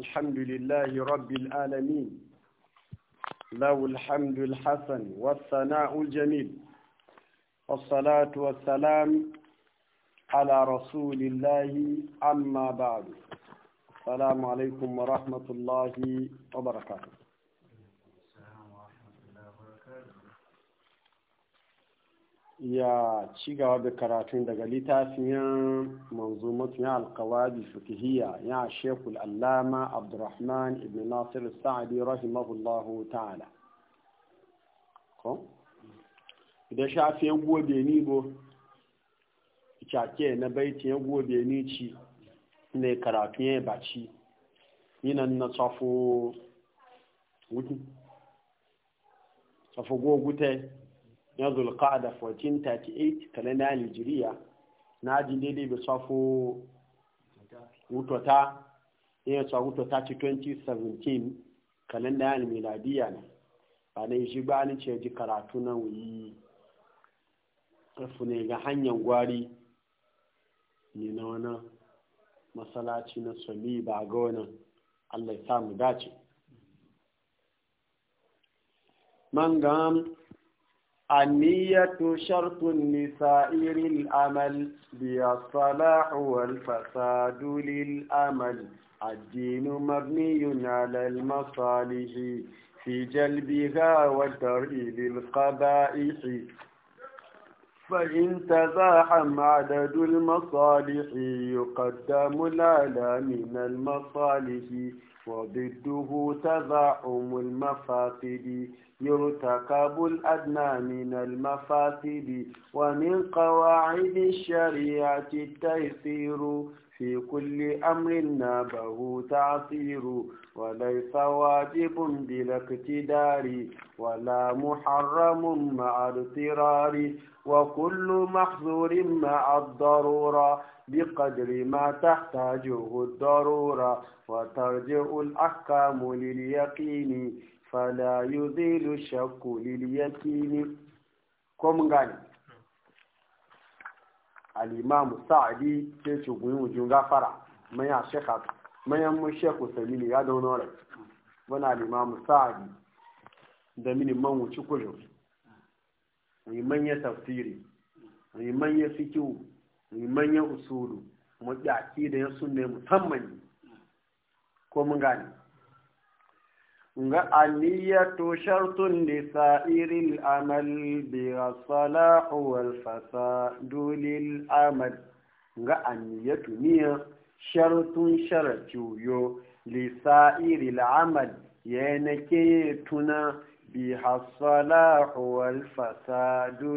الحمد لله رب العالمين له الحمد الحسن والثناء الجميل والصلاة والسلام على رسول الله أما بعد السلام عليكم ورحمة الله وبركاته ya ci gaba da karatun daga littafin manzumatu ya alkawadi fikihiyya ya shekul allama abdurrahman ibn nasir sa'adi rahimahullahu ta'ala ko da shafi ya gobe ni bo cake na baiti ya gobe ni ci ne karatu ya baci yinan na tsafo wuti tsafo gogutai ya zulqa'ada 1438 kalenda ya nigeria na ji daidai bai safo wutota ya sa wutota ci 2017 kalenda ya miladiya ne ba na shi ba ni ce ji karatu na wuyi ƙarfi ne ga hanyar gwari ne na wani masalaci na sami ba ga wani allah ya samu dace man النية شرط لسائر الأمل بها الصلاح والفساد للأمل الدين مبني على المصالح في جلبها والدرء للقبائح فإن تزاحم عدد المصالح يقدم الأعلى من المصالح وضده تزاحم المفاسد يرتكب الأدنى من المفاسد ومن قواعد الشريعة التيسير في كل أمر نابه تعصير وليس واجب بلا اقتدار ولا محرم مع اضطرار وكل محظور مع الضرورة بقدر ما تحتاجه الضرورة وترجع الأحكام لليقين fala yuzilu shakku lil yakini ko mun gane al-imam sa'di wujun gafara shekha mu shekhu samini ya da wani wani al-imam sa'di da mini man wuci mai manya tafsiri mai manya fikihu mai akida ya sunne musamman ko ga aliyatu shartun li sa'iril amal bi salahu wal fasadu amal ga aliyatu niya shartun sharatu yo li sa'iril amal na ke tuna bi salahu wal fasadu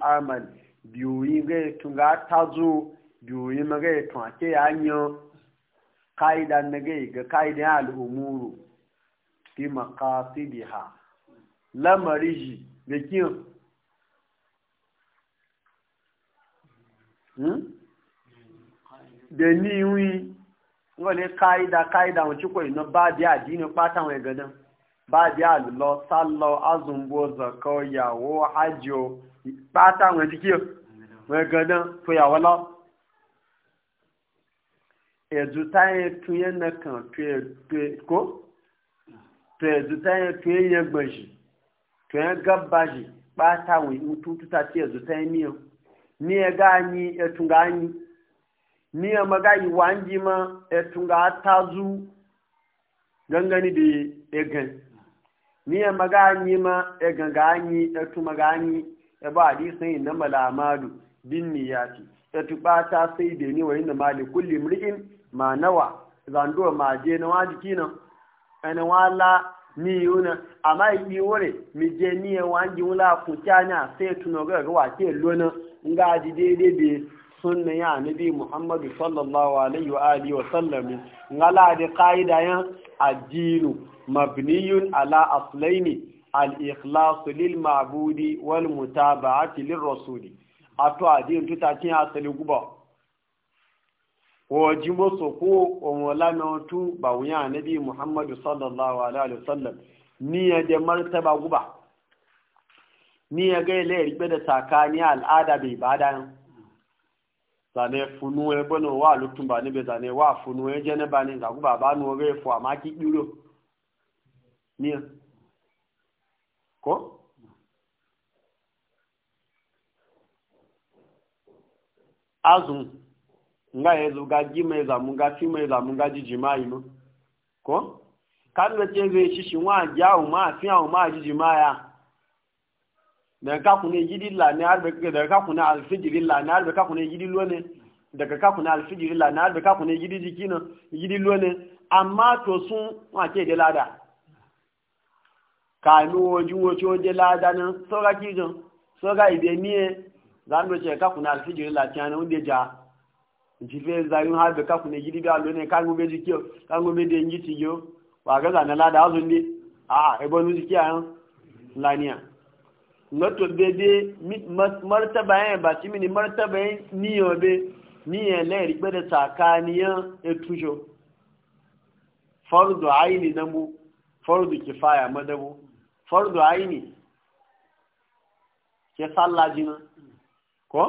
amal biyoyi ga tunga tazo biyoyi ma ga tunake yanyo kaidan na ga kaidan al'umuru fi maqasidiha lamariji da kiyan hmm? da niwi wọle ka'ida ka'ida wọn cikin ina ba biya adini pata wọn gadan ba biya lọ sálọ azumbo zakọ yawo hajjo pata wọn jikiyo wọn gadan to yawo lọ ẹ̀dùtáyẹ̀ tún yẹn nẹ́kàn tó ko. to yanzu ta yi shi to yan gabba ta ce yanzu ta yi miyan ni ya ya tunga anyi ya magayi wanji ma ya tunga ta zu gangani da ya gan ni ya magani ma ya ganga anyi ya tuma gani ya ba hadisin inna malamadu bin ya tuba wa inna ma nawa je na wajiki ẹni wọn lá ní ìhú náà àmọ́ ìbí wọlé mi jẹ ní ẹwà ń jẹun láàkùn tí a ní àṣẹ ìtúnú ọgọ́ ẹ̀rọ wà tí èlò náà ń gá di déédéé bi sunna ya nabi muhammadu sallallahu alaihi wa alihi wa sallam ngala da qaida yan addinu mabniyun ala aslaini al ikhlas lil ma'budi wal mutaba'ati lir rasuli ato addinu tutatin asali guba wajen wasu ko omola na wato ba wuya annabi muhammadu sallallahu alaihi wasallam ni ya da martaba guba ni ya ga ile ribe da tsakani al'ada bai ibada. nan zane funu e bono wa lutun ba ni be zane wa funu e jene ba ni guba ba nu ga fu ama ki duro ni ko azun nga ya zo ga ji mai zamu ga fi mai ji ko kan da ce zai shi shi wa jawo ma a awu ma ji jima'a daga ka kuna yidi la ne arbe daga ka kuna alfijiri la ne arbe ka kuna yidi lo ne daga ka kuna alfijiri la ne arbe ka kuna yidi jikina yidi lo ne amma to sun wa ke da lada ka ni woju woju o de lada ne so ga kijin so ga ibe ni e zan do che ka kuna alfijiri la tiana unde ja jife zayun har da kafu ne gidi da allo ne kan gobe jikiyo kan gobe da yanji tiyo ba ga zana lada azun ne a a ebo nu jikiya yan laniya lotto bebe martaba yan ba ti mini martaba yan ni yo be ni ni yan le ri pe da takaniyan etujo fardu aini dambu fardu kifaya madabu fardu aini sa sallah jina ko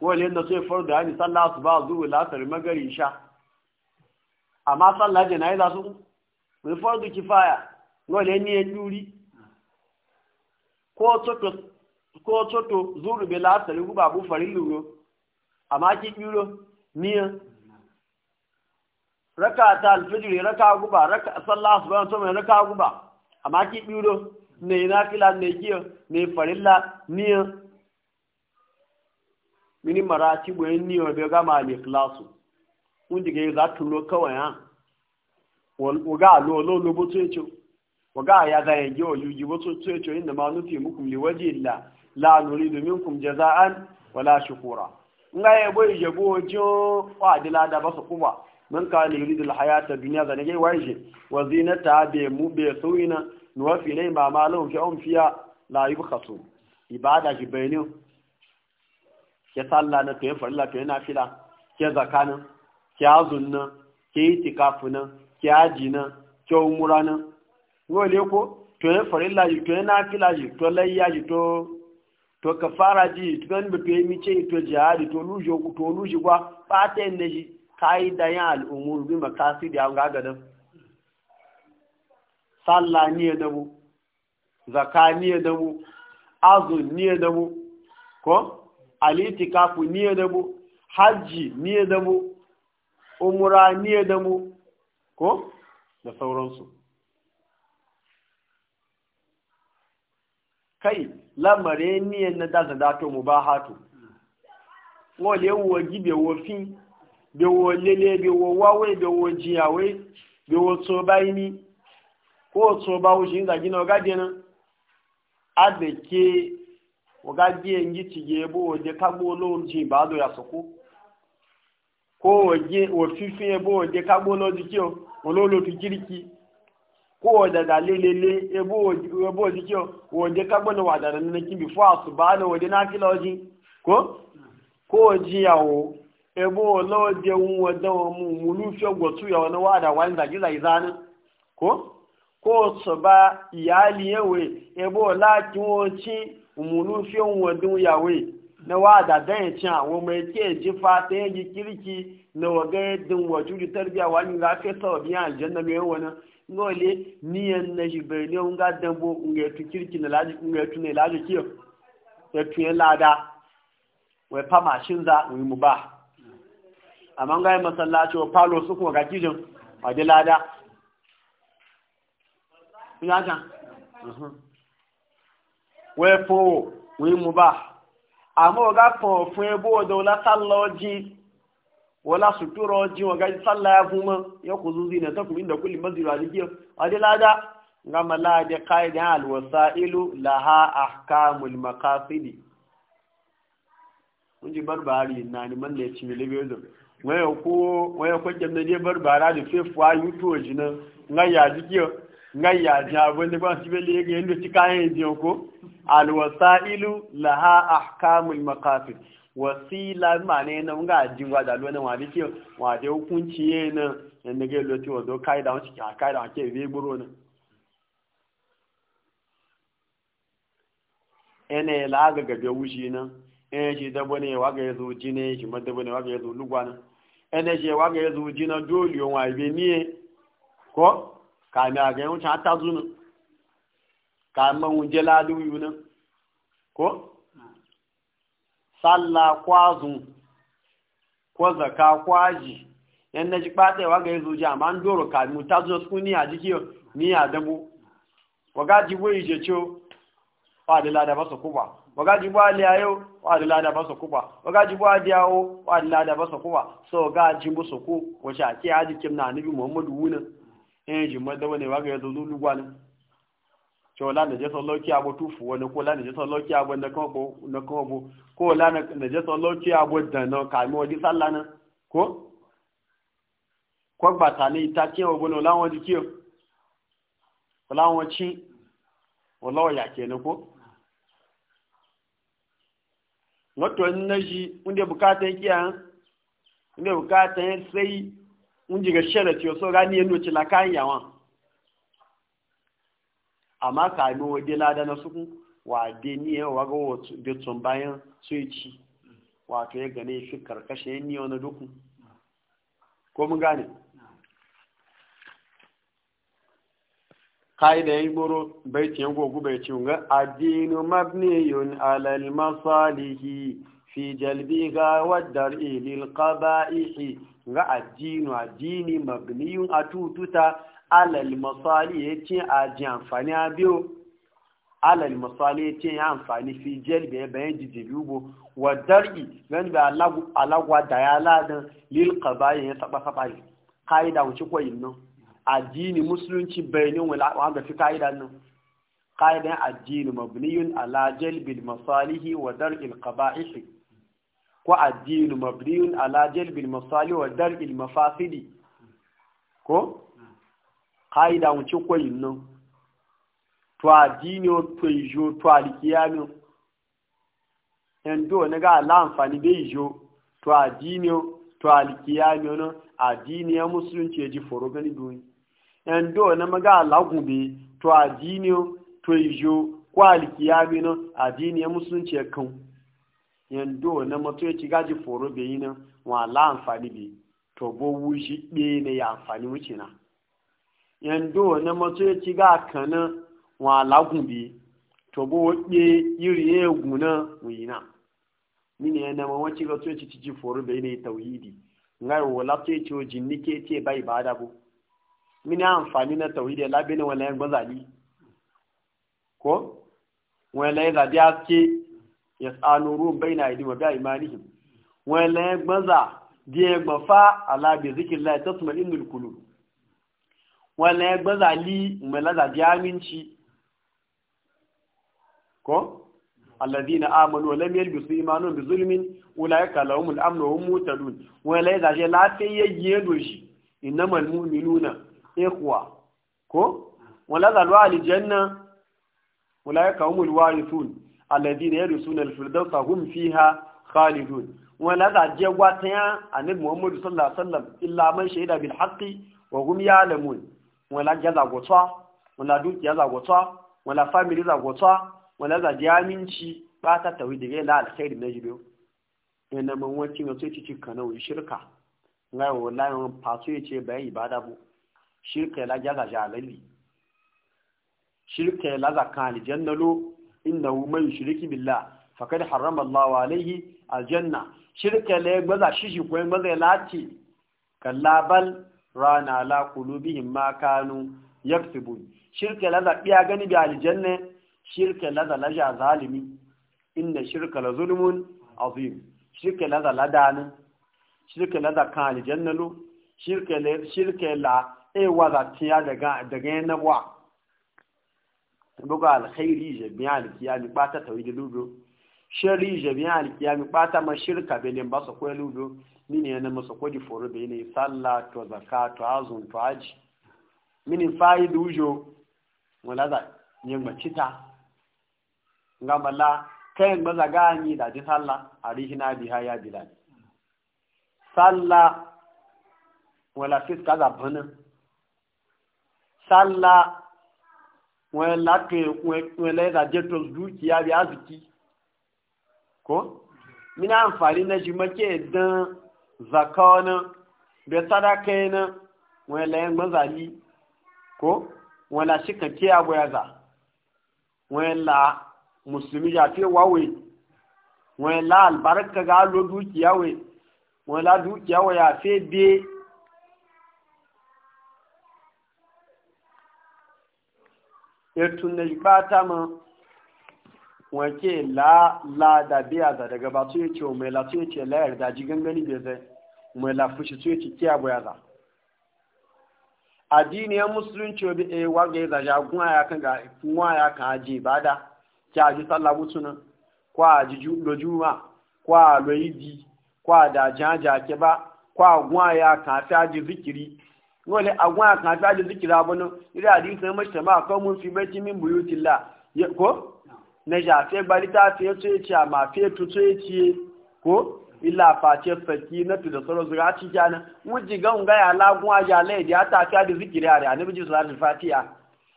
wani yadda sai faru ya hannu tsalla su ba zuwa latar magari sha amma sallah yi za su wani faru da kifaya wani yadda ya yuri ko toto zuru bai latar guba bu farin luro amma ki yuro niyan raka ta alfijiri raka guba raka tsalla su ba mai raka guba amma ki yuro ne na fila ne giyo ne farilla niyan mini marati bu ni o be ga mali klasu un dige za tulo kawai ha wa ga lo lo lo bo tsecho wo ga ya ga en jo yu jibo tsecho inna ma nufi mukum li waji illa la nuridu minkum jazaan wala shukura nga ye boy je bo jo wa dila da so kuma man ka ne yuridu al hayata dunya da ne waje wa zinata be mu be sawina fi ne ma malum fi um fiya la yubkhasu ibada jibainu ke sallah na to ya farilla to ya fila ke zakana ke azun ke itikafu ke aji ke umura nan wole ko to ya farilla yi to ya fila yi to layya yi to to kafara ji to gan bi to ya mice to jihadi to lujo ku to luji kwa fata yin da ji kai da ya umur bi makasi da ga gadan sallah ni ya dabu zakani ya mu, azun ni ya mu, ko alitikafu niye da mu hajji niye da mu umura niye da mu ko da sauransu kai lamare niye na da zadato mu ba hatu wọ́n lè wọ jíbe wo fín bẹ wo lele bẹ wo wáwẹ́ bẹ wo jìyàwé bẹ wọ tó bá yí ní kó tó bá wọ́n ṣe ń gàjínà ọgá dẹ́nà á oga biye ngi tiye bo oje kagbo olóhun jin ìbádọ́ yà sọ́kó oje òfífín ebo oje kagbo olóhun kí o olóhun fi jíríkì kó ọ̀dàdà lélele ebo oje kí o oje kagbo ní wàdàdà nínú kí bí fún àṣùbá ní oje náà kí lọ́ọ́ jin kó kó oje yàwó ebo olóhun jẹ ohun ọdán ọmú múlùfẹ́ gbọ̀tú yàwó ní wàdà wà ní zàgízà ìzáná kó kó ọ̀ṣọ̀bá ìyáàlì ẹ̀wẹ̀ ebo ọ̀lá kí wọ́n chin umunu fi wadin yawe na wada dan ya cin awon mai ke ji fa fata yanki kirki na waga yadin waju da tarbiya wani ga fi sababi yan aljanna mai wani ngole niyan na shi bai ne nga dambo nga tu kirki na laji nga tu ne laji kiyo ya tu ya lada wai fa mashin za mu mu ba amma ga masallaci wa palo su kuma ga kijin wa lada Ina can? wee fo wee muba àmọ́ ọ̀gá kan fún ebó ọ̀dọ̀ ọ̀la sálọ ji ọ zuzi nà tọkùnrin nà kúlì mọ́sirò àdìgí adéládá nga malade kaidin alwasa'ilu laha ahkamul maqasidi mun ji na ne cimi lebezo waya ko waya ko kemne barbara nga ya nga ya alwasa'ilu laha ahkamul maqasid wasila mane na nga jingwa da lona wa dike wa de hukunci ye na ne ga loti wa do kai da wuci ka kai da ke be buro na ene la ga ga be wuji na ene ji da bone wa ga yazo jine ji ma da bone wa ga yazo lugwa na ene ji wa ga yazo jina dole yon wa be ni ko ka na ga yon ta tazu na. kaman wuje laluyu nan ko salla kwazun ko zaka kwaji yan na ji ɓatewa ga yanzu ji ma an doro kamun ta zo su ni a jiki ni a dabo waga ji bai je ciwo wa da lada ba su kuba waga ji ba liya yau wa da lada ba su kuba waga ji ba liya yau wa da lada ba kuba so ga ji musu ku wace a ke a jikin na nabi muhammadu wunan yan ji madawa ne waga yanzu lulugwa cewa la na jasa lauki abu tufu wani ko la na jasa lauki abu na kan abu ko la na jasa lauki abu da na kami wajen sallah na ko kwagbata ne ita kiyan abu wani ki di kiyo wani ci olawon ya ke ko wato na shi inda bukatan kiyan inda bukatan sai inda ga sharafi wasu gani yadda ce la kayan yawan amma kami waje lada na suku wa de ni ya waga wato da tun bayan sai ci wato ya gane shi karkashin yin niyo na duku ko mun gane kai da yi goro bai ce gogu bai ce ga addinu mabniyun alal masalihi fi ga waddar ilil qaba'ihi ga addinu addini mabniyun atututa alal masali ya ce a ji amfani a biyu alal ya ce ya amfani fi jel da ya bayan biyu bu wa dar'i gani da alagwa da ya ladan lilka bayan ya taba saba yi kaida wuce kwayin nan addini musulunci bayanin wanda fi kaida nan kaidan addini mabniyun ala jalbil masalihi wa dar'il qaba'ih ko addini mabniyun ala jalbil masalihi wa dar'il mafasidi ko kaida wuce kwayin nan to addini to ijo to alikiyami endo na ga ala amfani da ijo to addini to a no addini ya musulunci ya ji foro gani duni endo na maga ala gube to addini to ijo ko alikiyami no addini ya musulunci ya kan endo na mato ya ci gaji foro bayi na wa ala amfani bi to bo wuji ne ya amfani wuce na yando na maso ya ci ga kanin wa lagun bi to bo wadde yiri ya guna wina mini ya nama wacce ga so ci ci foru bai ne tauhidi ngai wo la ce ci jin nike ce bai bada bu mini amfani na tauhidi la bi wani wala yan gozali ko wala ya zadi ce ya tsano ruwan bai na idima bai imanihim wala ya gbaza diye gbafa ala bi zikirin la ya wannan ya gbaza li malaza bi aminci ko alladhina amanu wa lam yalbisu imanu bi zulmin ulaika lahumul amnu wa hum muhtadun wala ya zaje lafiyayye doshi innamal mu'minuna ikhwa ko wala zalwa aljanna ulaika humul warithun alladhina yarisuna alfirdausa hum fiha khalidun wala zaje gwataya annabi muhammadu sallallahu alaihi wasallam illa man shahida bil haqqi wa hum ya'lamun wọ́n lájá zàgọ̀tọ́ wọ́n lá dúkìá zàgọ̀tọ́ wọ́n lá fámìlì zàgọ̀tọ́ wọ́n lá zàjẹ́ aminci ba ta tawi da yana alkhairi na jibiyo yana man wanci na sai cikin kana wani shirka ngai wallahi wani fasu ya ce bayan ibada bu shirka ya laja zaja alalli shirka ya laza kan Jannalo. inna hu man yushriki billah faqad harrama Allah alayhi aljanna shirka la ya gbaza shi shi ko gbaza ya lati kallabal rana la kulubihim ma kanu yaktubun shirka la zabiya gani bi aljanna shirka la zalaja zalimi inna shirka la zulmun azim shirka la zaladana shirka la zakan aljanna lo shirka la shirka la e wada tiya daga daga yana wa buga alkhairi jami'a alkiyami bata tawhid ludo shari jami'a alkiyami bata mashirka belin basu kwelu ludo mini yana masa kwaji foro da yini sallah to zaka to azun to aji mini fayi dujo wala da yin macita nga mala kayan maza gani da ji sallah a rihina biya ya bilal sallah wala fiska za bana sallah wala ke wala da jeto dukiya bi aziki ko mina amfani na jimake dan zaka da sadaka yana wani layan gbanzali ko wani la shika ke abu ya za wani la musulmi ya fi wawe wani la albarka ga alo dukiya we wani la dukiya we ya fi de ya tunai ba ta ma wake la la da biya daga ba su yace mai la su yace la yarda ji gangani bai zai mai la fushi su yace kiya boya za addini ya musulunci bi e waga ya zaja kuma ya kan ga kuma ya kan aji ibada ki aji sallah mutuna ko aji lojuma ko loidi ko da jaja ke ba ko agwa ya kan ta aji zikiri wole agwa kan ta aji zikiri abunu ira hadisi mai mujtama qawmun fi baitin min buyutillah ko na jafe bari ta fiye tsoyeci a mafiye tu tsoyeci e. ko illa face faki na tu da sauran zura ci jana wuji ga unga ya lagun a ya laidi ya ta fiya da zikiri a anabi ji salatu fatiha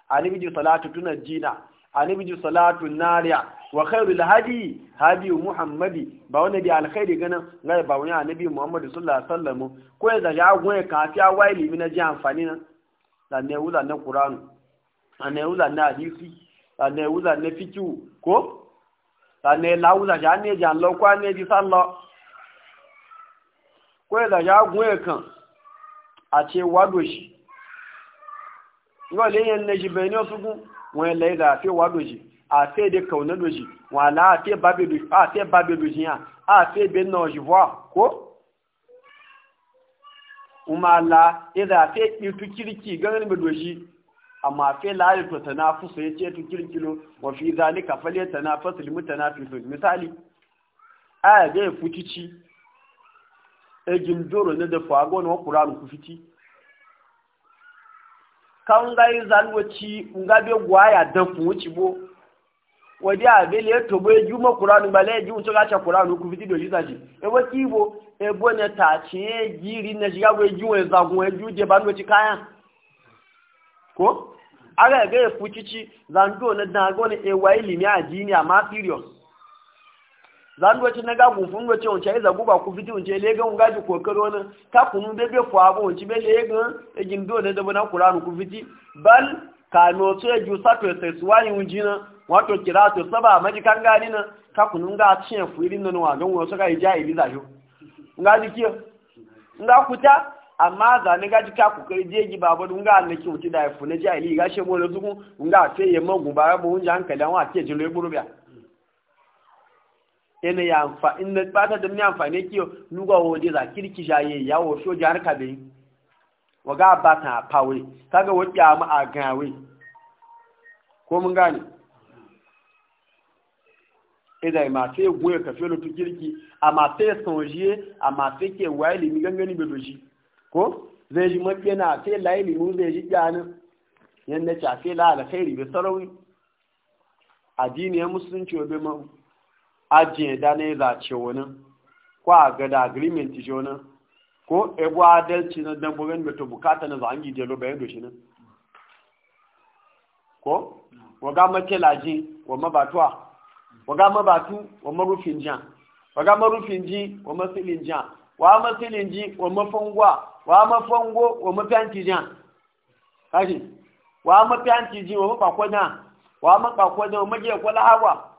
anabi ji salatu tuna jina anabi ji salatu nariya wa khairul hadi hadi muhammadi ba wani da alkhairi ganin ga ba wani anabi muhammadu sallallahu alaihi wasallam ko ya da ya gun ka fiya waili mina ji amfani nan da ne wula na qur'an ne wula na hadisi tànà ẹ̀wúzà ní fíjù kó tànà ẹ̀láwúzà ṣá ní kan ńlọ kó ní ẹ̀jì sálọ kó ẹ̀dà ṣá gún ẹ̀kàn àti ìwádòṣì yóò léyìn ẹ̀nà ìṣìbẹ̀ ní ọ̀túnkún wọn ẹ̀lẹ́ ìdà àti ìwádòṣì àti èdè kàwọnẹ́dòṣì wọn àlá àti ìbábẹ̀dòṣì yàn amma fe lari to tanafusu ya ce tu kirkilo wa fi zalika fale tanafasu limu tanafisu misali aya ga ya futici egin doro na da fago na kuranu ku fiti kan ga yi zanwaci nga be gwaya dan ku wuci bo wadi a be le to bo e ju ma kuranu ba le ju to ga cha kuranu ku fiti do lizaji e wa kibo e bo ne ta ci e ne na jiga go ju e zagun e ju je ban kayan ko aga ga ya fucici zango na dago ne ewa ilimi a jini a mafirios zango ci na ga gufun go ce once iza guba ku fiti once le ga unga ji kokaro ne ka kunu be be kwa go once be le ga e jin do ne da bana qur'anu ku fiti bal ka no to e ju sato e swani unjina wato kirato saba maji kan na ka kunu ga cin fuirin nan wa don wasu ga ija iliza jo nga ji kiyo nga kuta amma za ni gaji ka ku kai jeji baba dun ga Allah ki wuti da yafu na jahili ga she mole zugu dun ga sai magu ba bu hunja hankali an wa ke jilo ya e burubiya ene ya amfa in da bata da ni amfa ne kiyo nuga wode za kirki jaye ya wo so jar ka be wa ga ta pawe kaga wuti mu a gawe ko mun gane idan e ma sai goye ka felo tu kirki amma sai sonje amma sai ke wa ilimi e gangani be doji ko zai ji mafi na sai layi mu zai ji gyanin yadda ci a sai la'ala kai ribe sarauni addini ya musulunci wa bai ajiye da yi zace wani ko a ga da agreement ji wani ko ebu adalci na dan bugan mai to bukata na zangi jelo bayan doshi nan ko waga mace laji wa mabatuwa waga mabatu wa marufin jan waga marufin ji wa masilin jan wa masilin ji wa mafangwa wa mafango wa mafiyanci jan kashi wa mafiyanci ji wa mafakwajan wa ma maje kwala agwa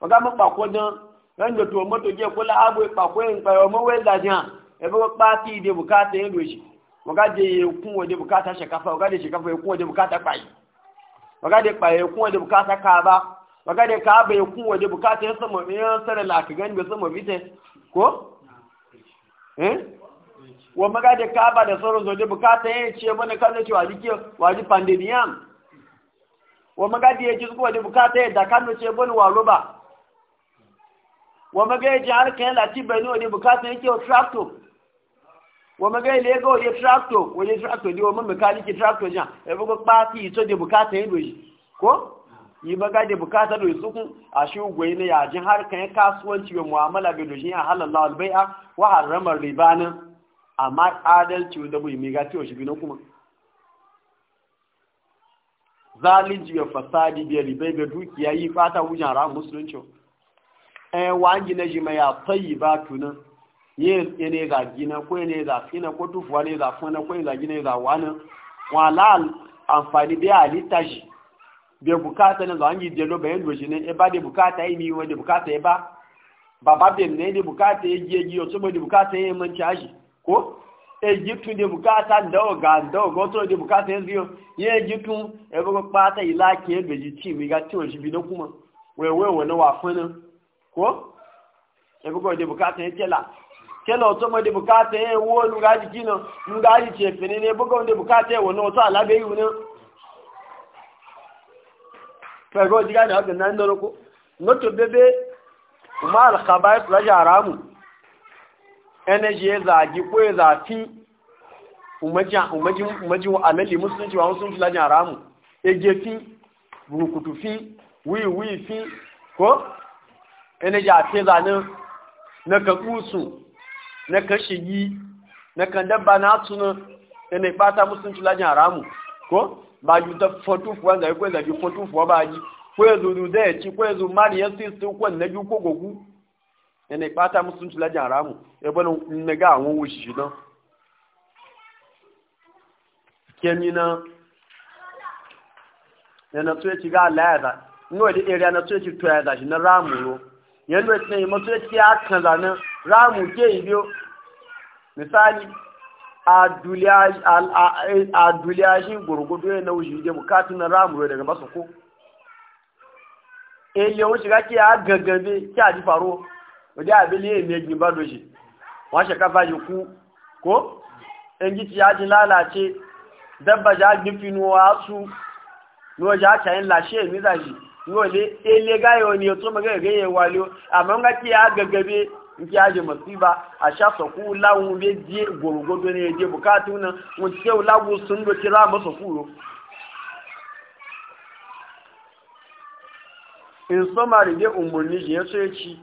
wa ga mafakwajan ran da to mato je kwala agwa pakwayin da mawai zajan ebe ko ti de bukata yin shi wa ga je kun wa de bukata shakafa wa ga de shakafa kun wa de bukata pai wa ga de pai kun wa de bukata kaba wa ga de kaba kun wa de bukata yan sama yan sare la ka gani ba sama bite ko Eh? wa maga da kaba da sauran zoje bukata ya ce mana kan ce waji ke waji pandemiyan wa maga da ya ji zuwa da bukata ya da kan ce bani walo ba wa maga ji harka ya lati bani wa bukata ya ke tractor wa maga ya ga wa tractor wa tractor di wa mun mekaniki tractor to da bukata ya doji ko yi maga da bukata da yusufun a shi ugwai na yajin harkar kasuwanci wa mu'amala bai dojin a halallah albai'a wa haramar riba nan amma adalci da bai mega tiyo shi bino kuma zalunci ya fasadi biya ribai ga dukiya yi fata wujan ra musulunci ɗan eh, wangi na jima ya tsayi ba tunan yin ne za gina ko ne za fina ko tufuwa ne za fina ko ne za gina za wani wala amfani biya halitta shi da bukata na zuwa yi jelo bayan doshi ne e ba da bukata yi e miwa da bukata ya e ba baba bem ne da bukata ya giye giyo su da bukata ya e manci ashi ko egyptu da bukata da oga da oga otoro da bukata ya ziyo ya egyptu ya bugu kpata yi ke ya gaji ci mi ga ciwon shi bidan kuma wewe wani wafanin ko ya bugu da bukata ya tela tela otomo da bukata ya wo lugaji kino lugaji ce fene ne bugu da bukata ya wani otu alabe yi wani fẹ̀rọ jíga ní ọgbẹ̀ náà lọ́rọ́kó lótò bébé umar khabai raja ramu ẹnẹ́jì ẹzà àjíkó ẹzà tí umarjin alẹ́lì musulunci wọn sun fi raja ramu ege fi burukutu fi wiwi fi ko ẹnẹ́jì àtẹ́zà na kakusu na shigi, na kan dabba na tuna ẹnẹ́ pata musulunci raja ramu ko majuta fotufu wanda ya kweza bi fotufu wa baji kwezu dudeci kwezu mali ya sisi kwen na biyu kogogu yana ipata musulunci lajin haramu ya bani mmega awon wushi shi na kemi na yana tsoye ci ga ala ya za nwa da area na tsoye ci to ya shi na ramu ro yadda ya tsaye matsoye ci ya da zanen ramu ke ibiyo misali a duliyashin gurgudu ya na wuce je bukatu na ramuwa daga masu ko ele eh, wuce ga ke a gaggabe ki a ji faro wadda abin yi mai gimba doshi washe kafa ji ku ko in ji ya ji lalace dabba ja gbifi nuwa su nuwa ja cayin lashe mi zashi nuwa ele gayo ne ya tsoma gaggaye waliyo amma ga ke a gaggabe nke aje masiba a shafa ku lawun be je gurgudu ne je bukatu na mun ce lagu sun do kira masa kuro in summary dai umurni je ya ce ci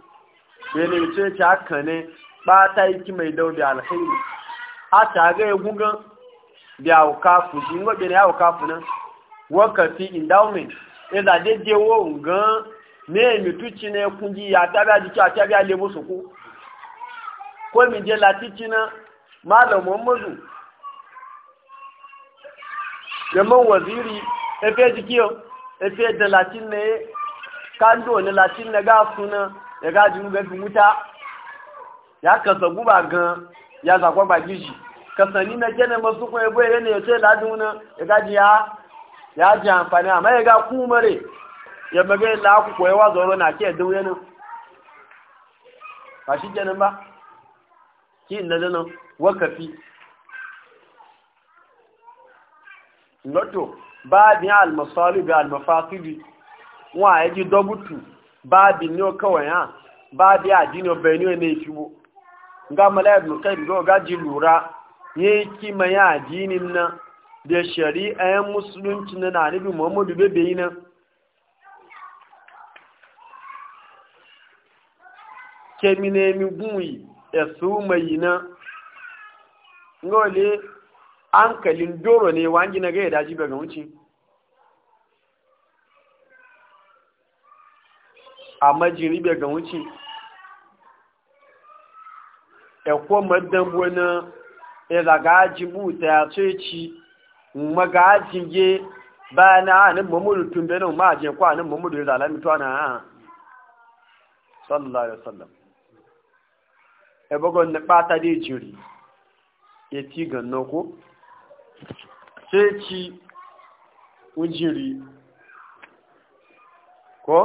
be ne ce ci haka ne ba ta yi ki mai daudi alkhairi a ta ga gugan biya ka kafu shi ngobe ne ya kafu na nan wakati endowment ila de je wo ngan ne mi tuci ne kungi ya tabi ajiki atabi ale musuku ko mi je latici na malam muhammadu yamman waziri efe jikiyo efe da latin na e kando na latin na gafu na ya gaji mu gafi ya kasa guba gan ya zakwa ba gishi kasa ni e e na kene masu kun ebo ya ne ya ce ladin na ya gaji ya ya ji amfani amma ya e ga kumare ya magai la ya koyewa na ke dauye nan ba shi kenan ba kí n dandan nan wakafi lọ́tọ̀ báàbí almasọ́lù bí almafáfíbi wọn kawai dọ́gùtù báàbí ní ọkọ̀wẹ̀ yàn báàbí àdínà ni o ọ̀nà ìfiwó ga malayin nukari ga gaji lura ya yi kima ya adinin na da shari'ayen musulunci na nanibi muhammadu bebe yi nan kemi na emi gunyi esu mai na ngole ankalin doro ne wangi na gaya daji daga wuce amma jiri daga wuce ẹ̀kọ́ mọ́dánwó náà ìlàgáàjì búta ní mọ́mọ́lù tún bẹ́ẹ̀ náà máa sallallahu alaihi wasallam ebogon na ɓata dai jiri ya ci ganna ko sai ci ujiri ko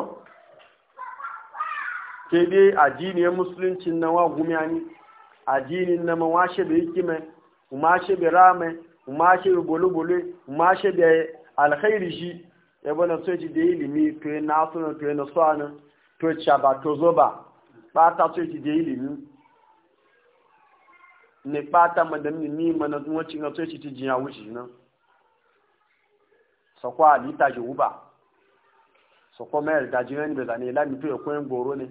ke dai ajiniyar musuluncin na wa gumiyani ajinin na mawashe da yake kuma umashe da rame umashe da kuma umashe da alkhairi shi ya bana so ji da ilimi to yi nasuna to yi nasuwa to yi shaba to zoba ba ta so ji da ilimi ne fata madami ni mana wacin ga tsoci e ti jiya wuce nan sakwa alita ji uba sakwa mayar da jiran da zane la mi fiye koyin goro ne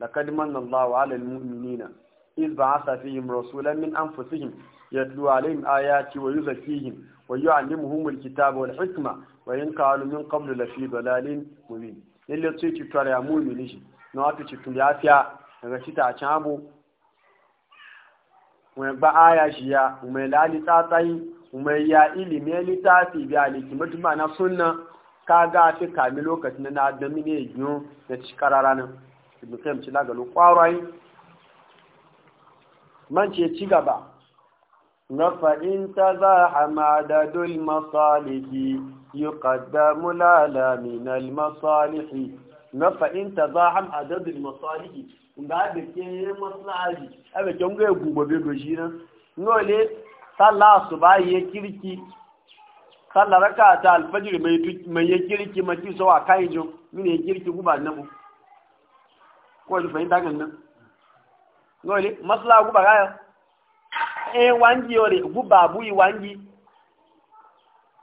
laqad manna Allahu 'ala al-mu'minina إذ بعث فيهم رسولا من أنفسهم يتلو عليهم آياتي ويزكيهم ويعلمهم الكتاب والحكمة وإن قالوا من قبل لفي ضلال مبين اللي تيجي ترى مؤمن نجي نواتي تكون يافيا نغشي abu. wọ́n gba aya ya umar lali tsatsayi umar ya ilimi ya littafi biya likimatu mana sunna ka ga fi kami lokacin na adami ne yiwu da cikara ranar ibn kayyim ci lagalo kwarai man ce ci gaba na fa'in ta za a madadul masalihi yi ƙaddamu lalamin al-masalihi na fa'in ta za a madadul masalihi nga da ke yin maslahaji abe ke nga gugu be do shi nan ngole salla asuba ye kirki salla raka ta alfajir mai mai ye kirki maki so a kai jo mine kirki guba nan mu ko ji fahimta kan nan ngole maslaha guba ga e wangi yore guba buyi wangi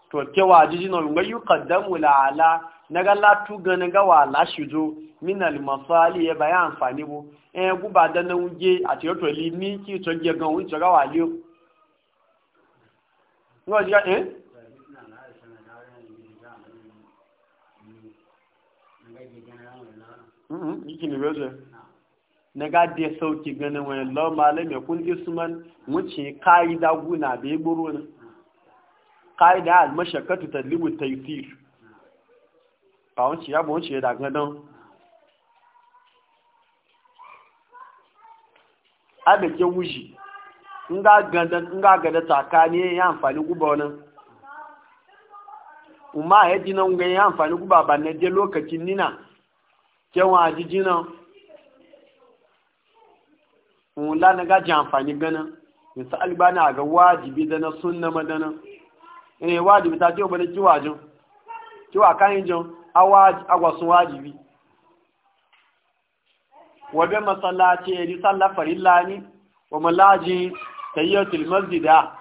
to kewa jiji no lunga yuqaddamu la ala na ga latu ganin gawa lashijo min almasali ya bayan amfani bu eh guba da na wuje a ti to li ni ki to je gan wi gawa li o ngo ji eh mhm yiki ne beje na ga de sauki ganin wani law malame kun isman wuce kaida guna be buru ne kaida al-mashakkatu tadlibu at-taysir àwọn tìyà bọ̀ ń ṣe ẹ̀dà gandan abẹ̀kẹ́ wuyi nga gada tsakani ya amfani guba wani umar ya jina nga ya amfani guba ba na je lokacin nina kewa a jijina wula na gaji amfani gana yasa albani a ga wajibi da na dana madana eh wajibi ta ce wa bane kiwajin agwasun wajibi wabe masallaci ya ji sallafar illani wa malaji tayyatul masjida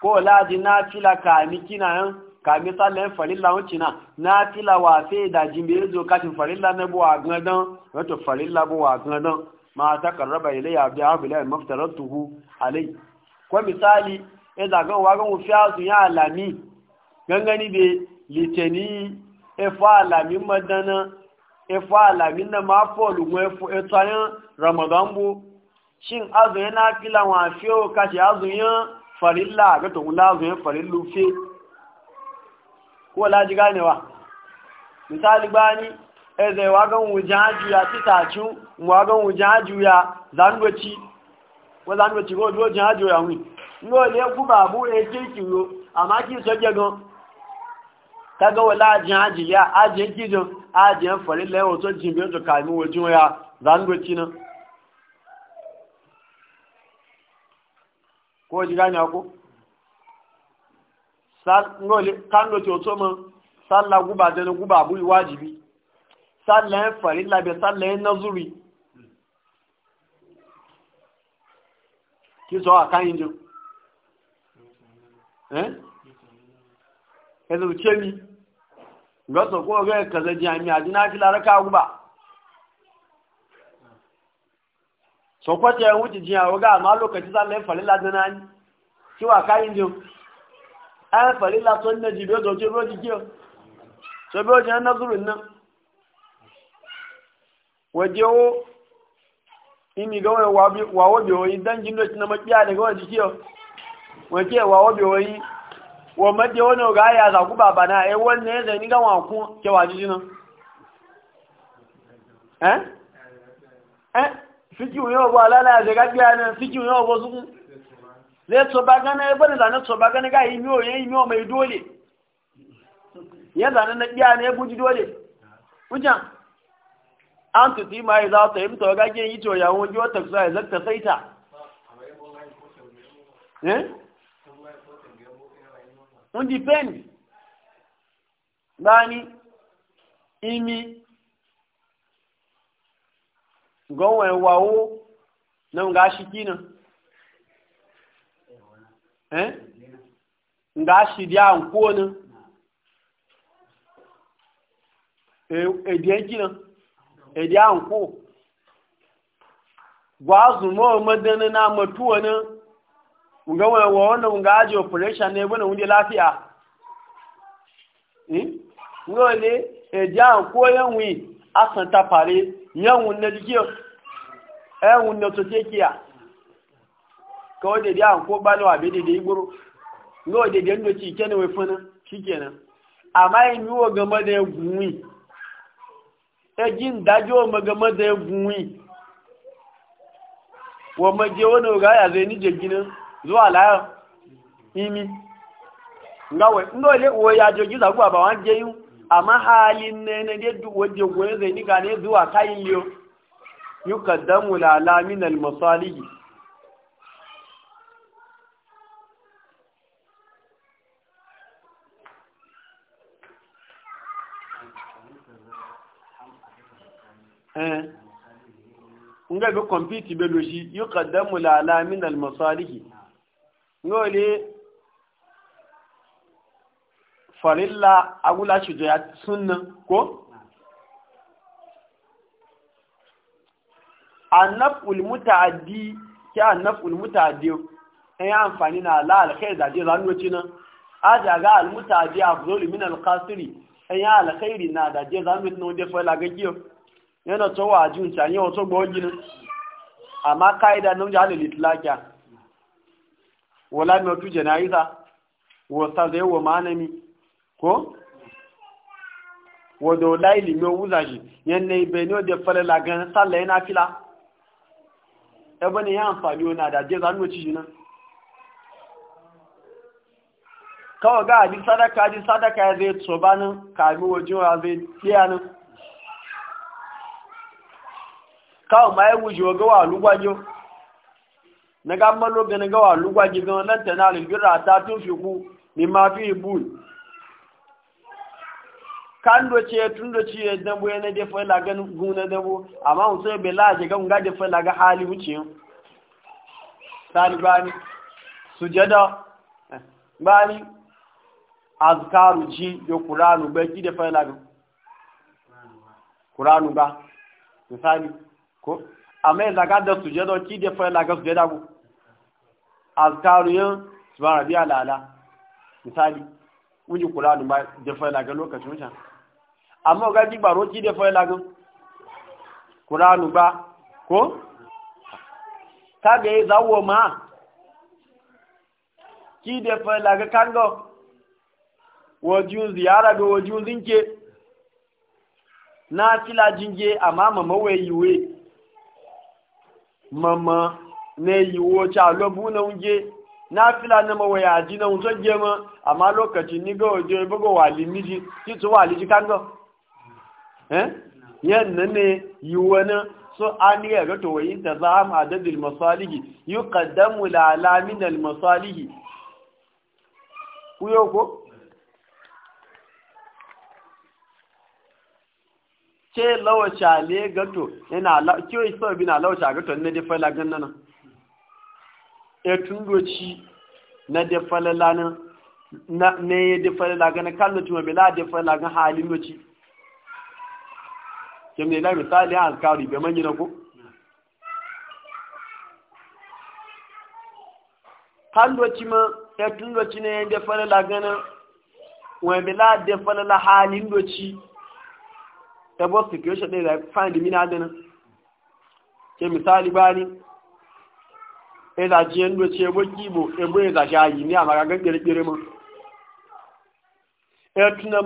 ko laji na fila kami kinayen kami sallayen farilla wuce na na fila wafe da jimbe zo kashin farilla na buwa gandan wato farilla buwa gandan ma ta karraba ilayya bi abila maftaratuhu alai ko misali ya zagan wagan wufiya su ya alami gangani be litini efa alamin madana efa alamin na mafolu nwe etayen ramadan bu shin azu yana kila wa fiyo kashi azu yan farilla ga to wula azu yan farillu fe ko laji ganewa misali bani eze wagan wujaji ya titachu wagan wujaji ya zanwaci ko zanwaci ko dojo jajo ya wi ngo le ku babu e kirkiro amma ki so je gan kaga wala jin ajiliya ajin kijin ajin farilla yawon to jin biyu kami wajen waya zangoci nan ko ji gani a kan yin jin eh yanzu ce mi ga so ko ga kaza jami'a dina fi laraka guba so ko ce wuce jiya ga ma lokaci za lai falila dana ni ki wa kayin jo an falila to ne ji do do ji roji ki so bi o je na zuru nan waje o imi ga wa wa wo bi o idan jin do na ma kiya daga wa ji ki o waje wa wo bi o yi wa madde wani ga ya zagu baba na eh wannan ya zani ga wanku ke waji jinan eh eh fiki yo bo alala ya ga biya nan fiki yo bo su le to baga na ibn da na to baga na ga yi miyo eh, yi miyo mai dole ya zana na biya na ne buji eh, dole kujan an tuti mai za ta yi to ga ke yi to yawon jiwa taksa ya zakta saita eh ndipend bani imi gowe wawo na nga eh ngashidia shi dia nko na e e dia kina e dia nko gwazu mo madana na matuwa na nga wa wannan nga aji operation ne bane wunde lafiya hmm? eh ngo le e ja ko yan wi asan ta pare yan wun ne dikiyo e wun ne to tekiya ko de dia ko ba lo abi de de igoro ngo de de ndo ci kene we fana shikenan amma in yi wa game da egun wi e jin dajo ma game da egun wi wa maje wani ga ya zai ni jirginin zuwa layan imi ngawe ndo ile wo ya jogiza ku ba wanje yu amma halin ne ne de du wode goye zai ni gane zuwa kayin yo yukaddamu la la min al masalih eh nga be compete be loji yukaddamu la la min al masalih ngole farilla agula shi ya sunnan ko annaf'ul mutaaddi ki annaf'ul mutaaddi ai amfani na la alkhair da je zanu ci nan aja ga al mutaaddi afdol min al qasiri ai alkhairi na da je zanu ci nan de fa la ga giyo yana to wa ajun ta yi wato gbo ginin amma kaida nan ja al itlaka wala mai otu jana'iza wasa zai wa manami ko wadda wala ilimi wuza shi yadda ibe ne wadda fara lagan sallah yana fila ebe bani ya amfani wani da je zanuwa ci nan kawai ga adi sadaka adi sadaka ya zai tsoba nan kami wajen wa zai tiya nan kawai ma ya wuce wa gawa alugwajo na ga malo ganin gawa lugwa gigan nan ta na lulbira ta tun fi ku ni ma fi bul kan do ce tun do ce bu yana da fa la gan guna bu amma mun sai be la je ga mun ga defa la ga hali wuce talibani sujada eh, bani azkaru ji da qur'anu ba ki fa la qur'anu ba misali ko amma e ga da sujada ki fa la ga sujada ko azkaru yan subhana rabbi alala misali wuji da ba da fa'ila ga lokacin mutan amma ga ji baro ki da fa'ila ga qur'anu ba ko kage zawo ma ki da fa'ila ga kango wajun ziyara ga wajun zinke na fila jinge amma mamawayi we mama na yi wuce alobu na wuje na fila na mawaya ji na wuzo gema amma lokacin ni ga waje buga wali miji ki su wali ji kan ga eh yan nan ne yi na so an ya ga to wayin da za mu adadil masalihi yuqaddamu la alamin al masalihi kuyo ko ce lawa chale gato ina la kiyo so bi na lawacha gato ne dai fa la ganna na ya e na defalala na na ne ya defalala ga na kallo tuma bela defalala ga halin doci kem ne la misali an kari be manyi na ko kallo ma ya e ne ya defalala ga na wa bela defalala halin doci ta e bo situation ɗaya da find mina adana ke misali bani ẹ̀dà jí yi ẹ̀tí ẹgbẹ́ jíbò ẹgbẹ́ ẹ̀dà ṣe ní àmàrà gẹ́gẹ́rẹ́gẹ́rẹ́ mọ́ ẹ̀tún náà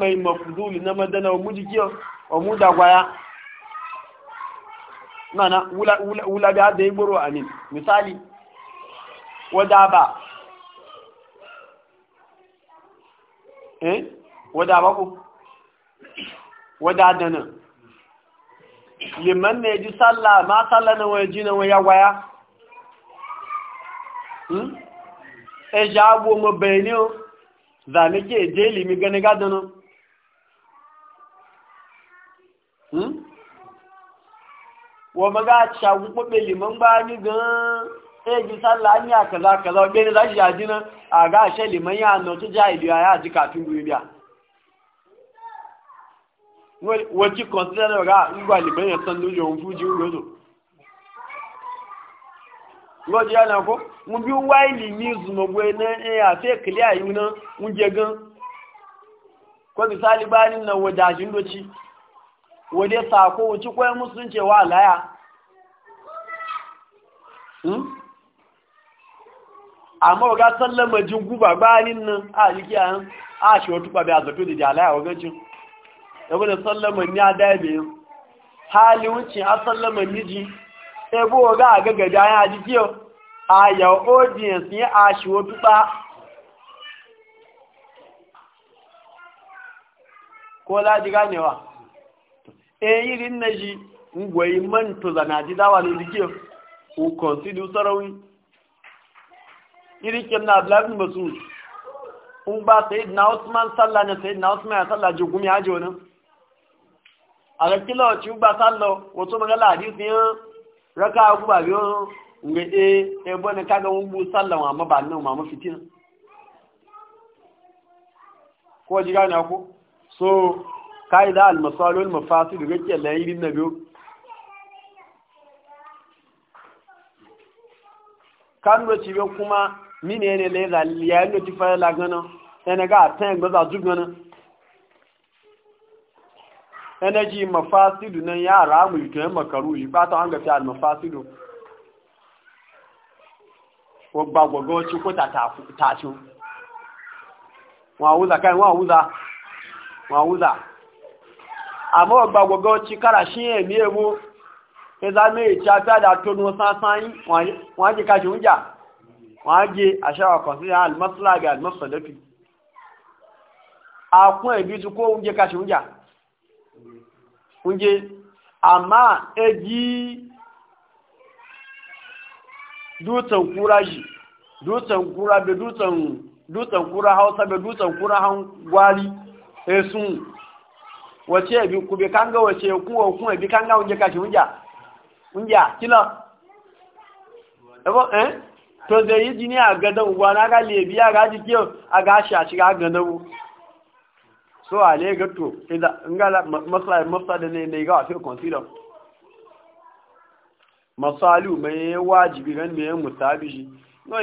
náà wa mu kí ọmúdàgbáyá mana wúlábí adé gbòrò àmì misali wọ́dàbà ma náà wọ́n ya ẹja agbo mo bẹ̀rẹ̀ ní o zàmíkì èdè ìlìmí gẹnigá dáná hmm? wọ́n mọ́ gá ṣàwọn lè mọ́ ń gbá ní gan ẹgbẹ́ sálà ní àkàzàkàzà ọgbẹ́ni láti àdínà àgá àṣẹ́ lè mọ́ yá àná tó já ìlú ayá àti kàfin lọ́jọ́ yá náà kó mo bí wáìlì ní ìzùmọ̀gbọ́ iná ẹ̀yà àti èkìlẹ̀ àyíwò náà ń jẹ gan ko misali bayanin nan wadajin doci wade sako wuci kwayan musulun cewa laya amma waga sallama jin guba bayanin nan a jiki a yan a shi wata kwabe a zato da jalaya wagancin yabi da sallama ni hali ebo oga aga gaja ya ji kiyo a ya audience a shi wo tuba ko la ji ganewa e yirin na ji ngwai man to zana ji dawa ne ji kiyo o consider sarawi iri abdullahi masud un ba sayyidina usman sallah na sayyidina usman ya sallah ji gumi ajo nan a ga kilo ci ba sallah wato magana raka guba biyo nga e e bane ka mun bu sallama ma ba nan ma fitina ko ji gane ku so kaida al masalul mafasid ke la yirin na biyo kan do ci kuma mine ne le la ya no ti fa la gana ene ga ten gba za ju gana energy mafasidu nan yara mu yi tuyen makaru yi ba ta an gafi al mafasidu gbogbo gbogbo ci ko ta tafi wọn awuza kai wọn awuza wọn awuza àmọ́ ọgbà gbogbo ci kára ṣí ẹ̀mí ewu ẹzàmì ìtàkàdà tó ní sánsán yí wọ́n jẹ́ káṣí oúnjà wọ́n jẹ́ àṣàwà kan sí almasalaga almasalafi àkún ẹ̀bí tí kó oúnjẹ káṣí oúnjà kunje amma eji dutsen kura ji dutsen kura be dutsen dutsen kura hausa be dutsen kura han gwari esun wace bi ku be kanga wace ku wa ku bi kanga unje kashi unja unja kila ebo eh to da yi jini a gadan gwana ga lebiya ga jike a gashi a shiga gadan so ale ga to idan ga masala mafsada ne ne ga fi consider masalu mai wajibi gan mai mutabiji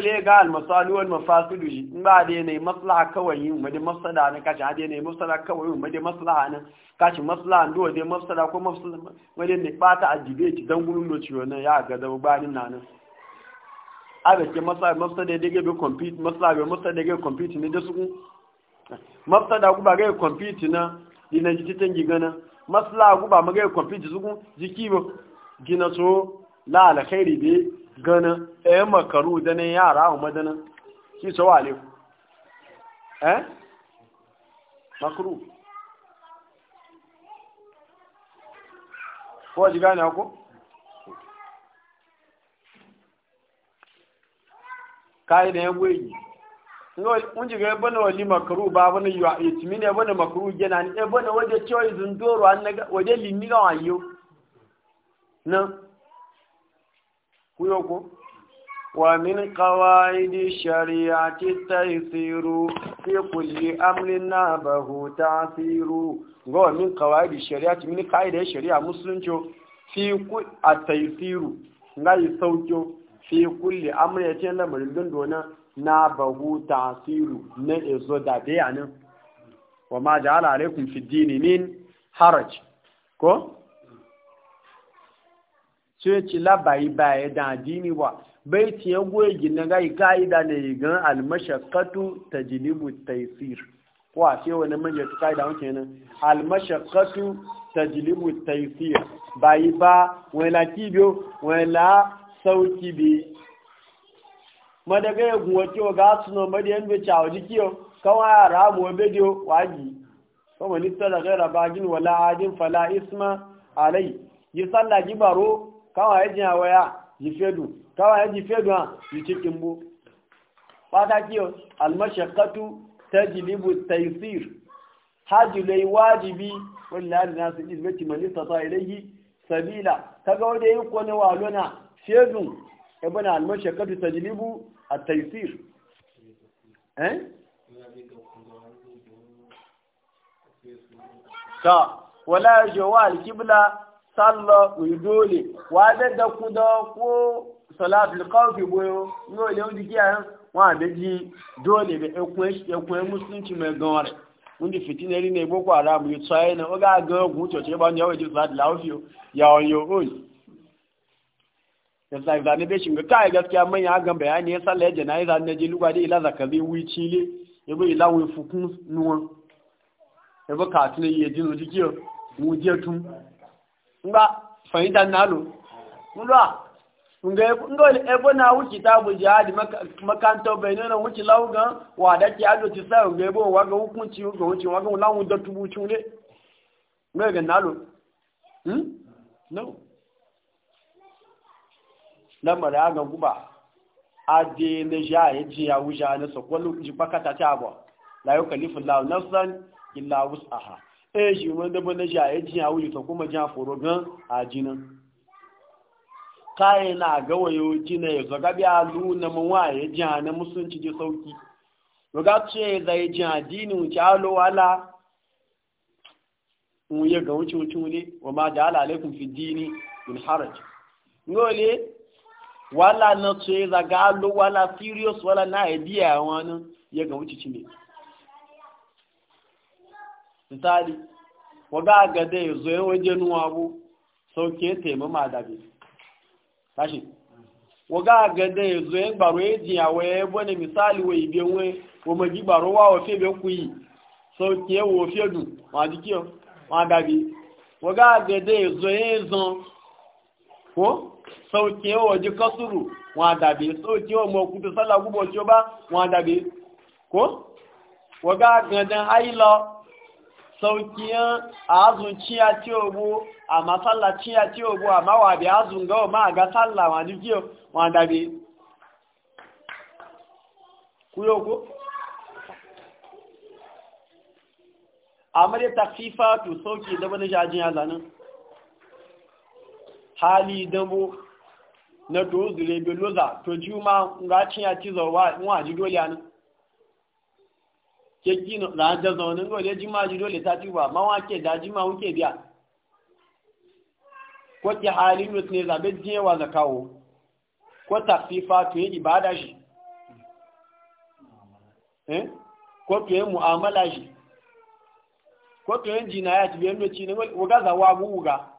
le ga al masalu wal mafasidu ji in ba dai ne maslaha kawai yin madi mafsada ne kace dai ne mafsada kawai yin madi maslaha ne kace maslaha ndo dai mafsada ko mafsada wale ne bata ajibe ci dan gurun do ciwo ne ya ga da banin nan a ga ke maslaha mafsada dai ga be compete maslaha be mafsada dai ga compete ne da su mafsada ba ga compete na dinan jiti tangi gana masla ba maga compete zugun jiki ba gina so la khairi be gana eh makaru da ne yara a madana ki so wale eh makru ko ji gane ko kai ne yan gweji unji ga bana wali makaru ba bana yiwa yitimi ne bana makaru gena ne bana waje cewa zundoro an naga waje linni ga wayo na kuyo ko wa min qawaidi shari'ati taysiru fi kulli amrin nabahu ta'siru go min qawaidi shari'ati min qaida shari'a musulunci fi ku at-taysiru ngai sauko fi kulli amrin ya na marindon dona na bahu tasiru na izo da bayanin wa ma ala alaikum fi dini min haraj ko ce ci labayi baya da dini wa bai ci ya goye gina ga ka'ida ne gan almashakatu tajlibu taysir ko a ce wani manya ta ka'ida wanke nan almashakatu tajlibu Taisir. bai ba wani la kibiyo wani la sauki bi madaga ya guwa kiwo ga su madi yan bica wa jikiyo kawa ya ramu wa bidiyo waji kuma ni tsada gaira bagin wala adin fala isma alai yi sallah ji baro kawa ya jiya waya ji fedu kawa ya ji fedu ha yi cikin bu fata kiyo ta jilibu taisir hajjulai wajibi wallahi nasu izbati man ta ilayhi sabila kaga wanda yake kone walona fedu ibn ta jilibu. a taifir eh ta wala yajewa alkibla sallo dole wa da kuda ko salatul kawfi boyo yóò lè oúnjẹ kíá wọn àbẹ́jì dóòlè ẹkùn mùsùlùmí mẹ́ gan rẹ̀ wọ́n di fìtí nẹ́rí boko haram yóò tọ́ ẹ̀ náà ó gá gan ogun da zai zane bai shiga kai gaskiya man ya ga bayani ya sallah janaiza na ji lugwa da ila zakabi wi chile yabo ila wi fukun nuwa yabo ka tun ye jinu jikiyo mu je tun nga fahimta nalo mulwa nga nga ebo na wuci tabu jihadi makanta bai ne na wuci lauga wa da ki ajo ti sai nga ebo wa ga hukunci ga wuci wa ga lawu da tubu chule nga ga nalo hmm no lamari aga guba a ade na ja ya ji ya wuja na sakon ji pakata ta abuwa la yo kalifu la nafsan illa wus'aha eh shi mun da bana ja ya ji ya wuja ta kuma ja foro gan a jinan kai na ga wayo jina ya zaga biya lu na mun wa ya ji na musunci e ji sauki daga ce zai ji addinin ci alo wala mu ya ga wuce wuce ne wa ma da alaikum fi dini min haraj ngole wala na tsoye zaga alo wala furious wala na idea wani ya ga wuce cime misali waga ga da ya zoye waje nuwa bu sauke taimama da bi tashi waga ga da ya zoye gbaro ya jiya waye bane misali wa ibe nwe wa magi gbaro wa wa febe yi sauke wa fedu ma jikiyo ma dabi waga ga da ya zoye zon ko sauke wa ji kasuru wọn dàbí sauke wa mọ̀kútù sálà gúbọ̀ tí ó bá wọn dàbí ko waga gandan hailọ sauke azun ciya tí ó bú a masalla ciya tí ó bú a mawabi azun gawa ma ga salla wọn dìkí wọn dàbí kuyoko a mara tafifa to sauke da wani jajin yazanin hali dambo na to zure loza to ji ma ga cin ya ci zawa wa ji dole an ke ji na da da zawo nan dole ji ma ji dole ta ci ba ma wa ke da ji ma ke biya ko ti hali mut ne zabe je wa zakawo ko tafifa to yi ibada shi eh ko to yi mu'amala shi ko to yi jinaya ti biyan ci ne wa ga bu guga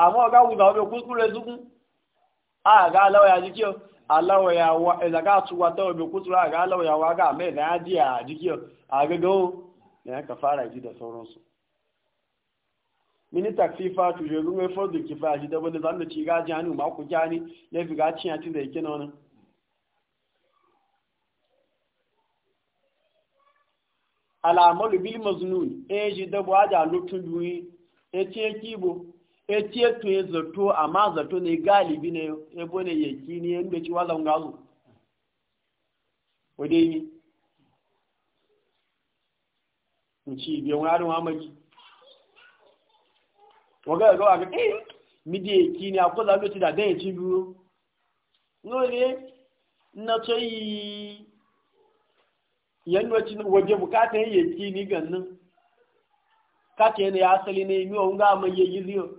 àmọ́ ọ̀gá wùdà ọmọ òkúkú rẹ̀ dúkú àgá aláwọ̀yà jíkíọ̀ aláwọ̀yà ẹ̀zàgá àtúwàtọ̀ ọmọ òkúkú rẹ̀ àgá aláwọ̀yà wà gà mẹ́rin ájí àjíkíọ̀ àgẹ́gẹ́ ó ní ẹ̀ka fara ìdí sauransu minista fifa tuje ruwe fodu kifa shi da wani zamu ci gaji hannu ma ku jani e shi kibo etiye to ya zato amma zato ne galibi ne ya e bone yaki ne yanda ci wala ngazu wade yi nci biyan wani mamaki waga ga waga eh midi yaki ne akwai zalo ci da dan ya ci biyu nole na tsayi yan waje bukatan yaki ni gannin kace ne ya asali ne mi wa nga mai yayi ziyo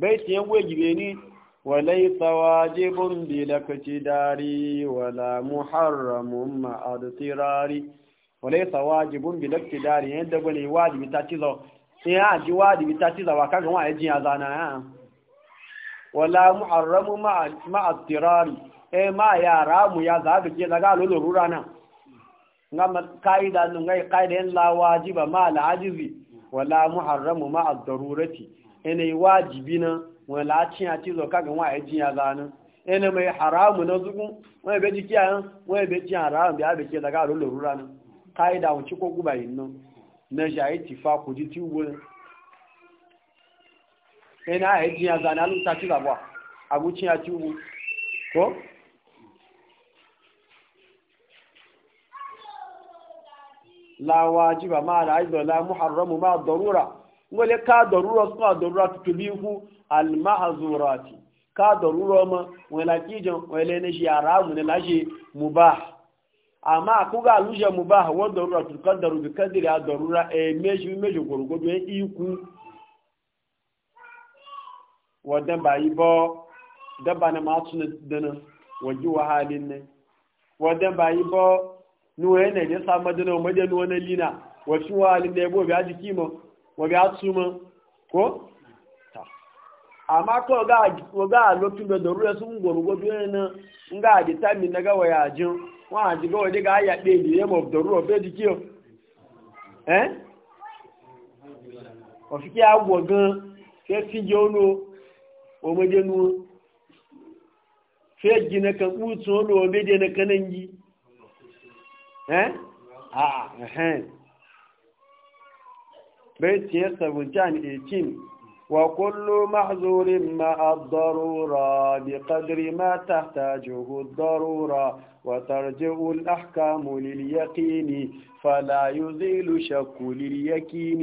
baiti yan goyi gibe ni walai tsawajibun bi lakaci dari wala muharramun ma'ad tirari walai tsawajibun bi lakaci dari yadda gwani wajibi ta cizo sai ya ji wajibi ta cizo wa kagan wa yajin ya zana ya wala muharramun ma'ad tirari eh ma yara mu ya zaga ke zaga lolo rura nan ngam kaida nun ga kaida en la wajiba ma la ajizi wala muharramu ma ad darurati ina yi wajibi na wani lacin a cizo kaga wa ya zana ina mai haramu na zugun wani ebe ji a yan ebe bai haramu bai daga lullu rura nan ka'ida wuce ko guba yin nan na shayi fa ku ji tubu ne Ene a eji ya zana lusa ci gaba a ya ko la wajiba ma la aizo la muharramu ma darura ngole ka darura su ka darura tutubihu almahazurati ka darura ma wala kijan wala ne shi haramu ne lashe mubah amma ku ga luje mubah wa darura tukaddaru bi kadri ya darura e meji meji gurgudu e iku wadan bayi bo ne ya wa lina wasu halin bo bi a wọ́n bí a túmọ̀ kó amma ga a lokacin da darura sun gwargwado yana in ga a ditami na gawa yajin wa a jiga wani ga ya ɗe da yamma darura bai ki agwo gan fe fi yono o fe gina kan utun na kanan بيت 17 وكل محذور مع الضرورة بقدر ما تحتاجه الضرورة وترجع الأحكام لليقين فلا يزيل شك لليقين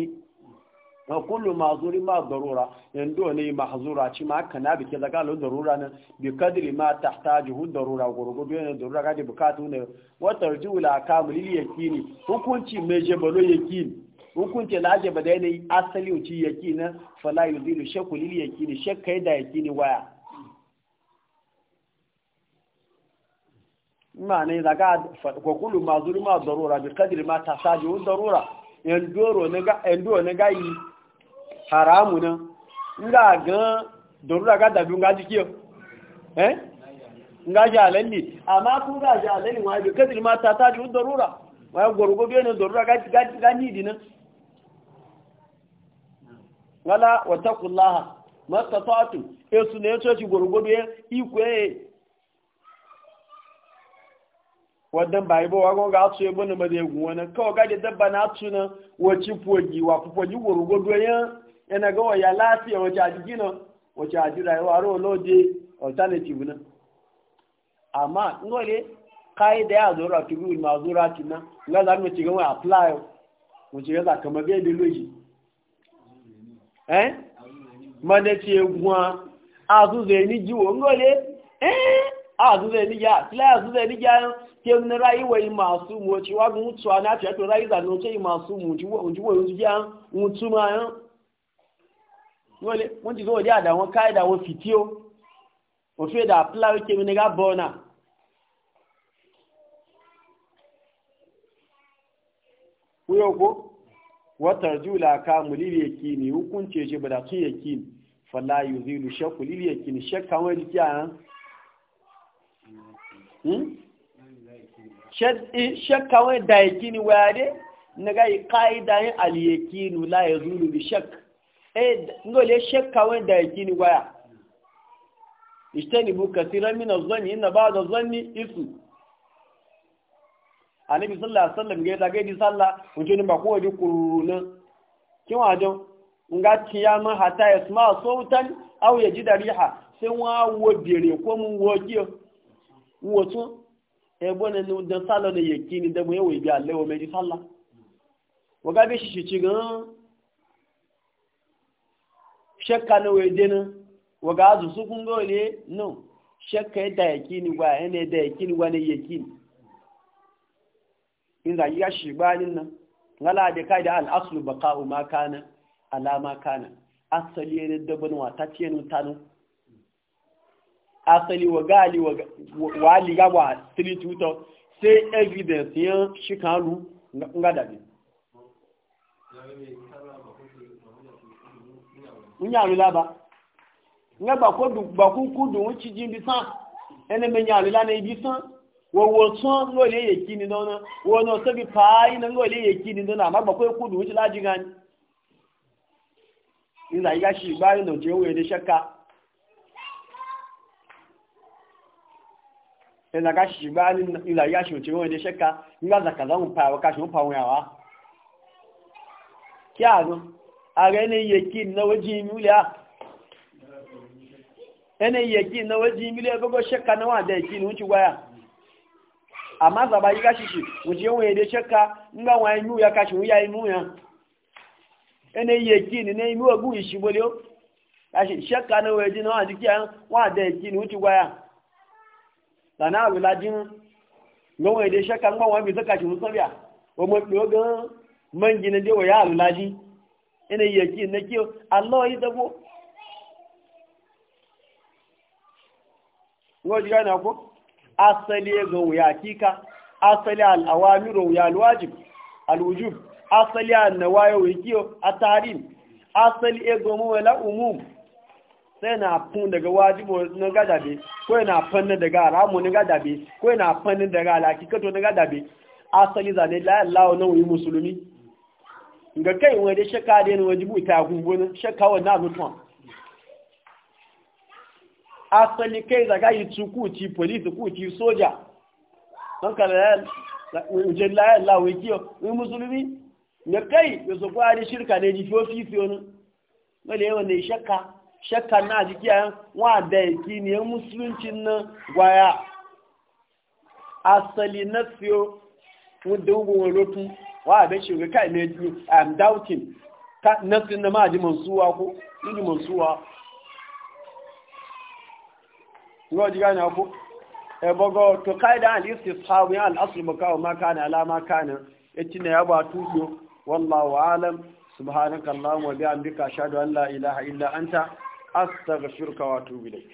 na kullu mazuri ma darura yanzu ne mahzura ci ma kana bi ke daga darura nan bi kadri ma tahtajuhu darura gurgudu ne darura ga bukatu ne wa yakini hukunci me jebalo hukunce laje ba yanayi asali uci yaki na fala yuzilu shakku yaki ne shakka da yaki ne waya mane daga ko kwakulu ma zuru ma darura bi kadiri ma ta darura wun ne ga endoro gayi haramu nan nga gan darura ga dabi nga jiki jikiyo eh nga ji jalalli amma ku ga jalalli wa bi kadiri ma ta wun darura wa gorgo bi ne darura ga nidi nan wala watakullaha mastata'tu esu ne yace gurgudu ya ikwe wadan bai bo wago ga su yebo ne maze gun wani kawo ga dabba na su na wace foji wa foji gurgudu ya yana ga ya lafiya wace a jikina wace a jira yawa ro lode alternative na amma ngole kai ya zora tubi mazura tina ngala mu ci ga apply mu ga kamar eh mana ce gwa azuze ni jiwo ngole eh azuze ni ya la azuze ni ya ke mun rayuwa yi masu mu ci wa gun tsuwa na to rayuwa no ce masu mu ji wo ji wo ji ya mu tsuma ya eh? ngole mun ji zo da da won kai da won fitio da ko watar jula ka mulil yakini hukunce shi ba da tun yakini falla yuzilu shakku lil yakini shakka wani kiya hmm shakka wani da yakini wade na ga qaida yin al yakinu la yazulu bi shak. eh ngole shakka wani da yakini waya ishtani bu kasiran min az-zanni ina ba da zanni isu. anabi sallallahu alaihi wasallam ga da gaidi sallah wajen ni ba ko waje kuruna kin wajen nga tiya ma hata yasma sautan aw yajida riha sai wa wo bere ko mun wo kiyo wo tun e bona nu da sallah ne yakini da mu yawo bi Allah wa mai di sallah wa ga bi shi shi gan shakka na wai dena wa ga azu su kun gole ne no shakka da yakini wa ne da yakini wa ne yakini in zagi ya shi bayanin nan ngala da kai da al'aslu baqa'u ma kana ala ma asali ne daban wa ta ce nun tanu asali wa gali wa wali ga wa street tuto sai evidence yan shi kanu nga da bi nya rula ba nga ba ko ba ku ku du wuci jin bi san ene me nya rula na bi san wọ̀wọ̀sán ló lè yè kí ni lọ́nà wọn náà sọ́bi pààyí náà ló lè yè kí ni lọ́nà àmọ́ gbọ́pẹ́ kú lùú ti lájú gan ni nígbà ìgbà ṣẹ́ka nígbà zàkàzà ń pa àwọn ń pa kí ààrẹ kí ni jí mi wúlẹ̀ à ẹni yè kí ni lọ́wọ́ jí mi wúlẹ̀ gbogbo ṣẹ́ka ni ti wáyà amma zaba yi gashi shi wuje wani da shakka in ga yi ya kashi wuya yi nuya ene yi yaki ni ne yi miwa gu ishi bole gashi shakka na waje na wani jikiya wani da yaki ni wuce gwaya sana abu ga wani da shakka in ga wani bisa kashi wa ya laji ene na kiyo allah yi dabo. na ko? asali ga wuya kika asali al'awamiru wuya alwajib alwujub asali annawayo wikiyo a tarim asali ego mawala umum sai na fun daga wajibo na gadabe ko na fanni daga haramu na gadabe ko na fanni daga alakikato na gadabe asali zane la Allah na wuyi musulmi ga kai wani shakka da yana wajibu ta gumbuna shakka wannan mutum asali kai zaga yi ci kuci polisi kuci soja don kalayen ujjen layan lawai kiyo in musulmi ya kai ya so kwari shirka ne ji fiyo fiyo ne wale yawan ne shakka shakka na ji kiyaye wa da yaki ne musuluncin nan gwaya asali na fiyo wadda ugun walotun wa da kai ne ji am doubting na fi na ma ji mansuwa ko ji mansuwa ruwa ji gane ku ebogo to kaida al istishabu ya al asl makaw ma kana ala ma kana yace ne ya ba tudo wallahu alam subhanakallahumma wa bihamdika ashhadu an la ilaha illa anta astaghfiruka wa atubu ilayk